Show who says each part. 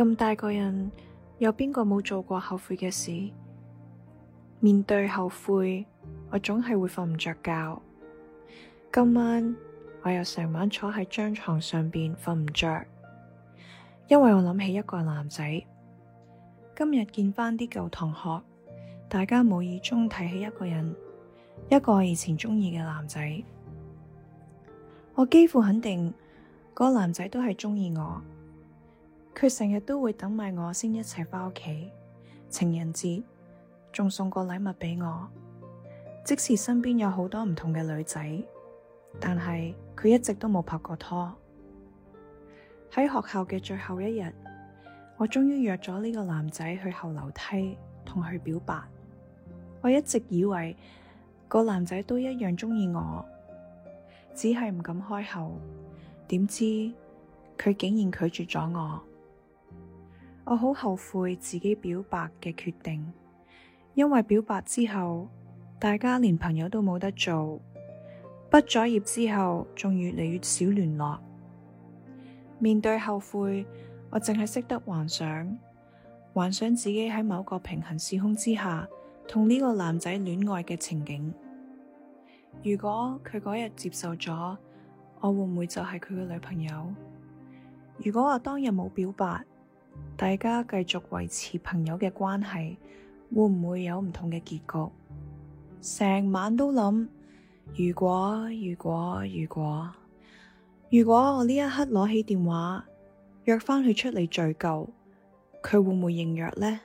Speaker 1: 咁大個人，有邊個冇做過後悔嘅事？面對後悔，我總係會瞓唔着覺。今晚我又成晚坐喺張床上邊瞓唔着，因為我諗起一個男仔。今日見翻啲舊同學，大家無意中提起一個人，一個我以前鍾意嘅男仔。我幾乎肯定，嗰個男仔都係鍾意我。佢成日都會等埋我先一齊返屋企。情人節仲送個禮物畀我。即使身邊有好多唔同嘅女仔，但係佢一直都冇拍過拖。喺學校嘅最後一日，我終於約咗呢個男仔去後樓梯同佢表白。我一直以為個男仔都一樣鍾意我，只係唔敢開口。點知佢竟然拒絕咗我。我好後悔自己表白嘅決定，因為表白之後，大家連朋友都冇得做。畢咗業之後，仲越嚟越少聯絡。面對後悔，我淨係識得幻想，幻想自己喺某個平行時空之下，同呢個男仔戀愛嘅情景。如果佢嗰日接受咗，我會唔會就係佢嘅女朋友？如果我當日冇表白，大家繼續維持朋友嘅關係，會唔會有唔同嘅結局？成晚都諗，如果如果如果如果我呢一刻攞起電話約翻佢出嚟敘舊，佢會唔會應約呢？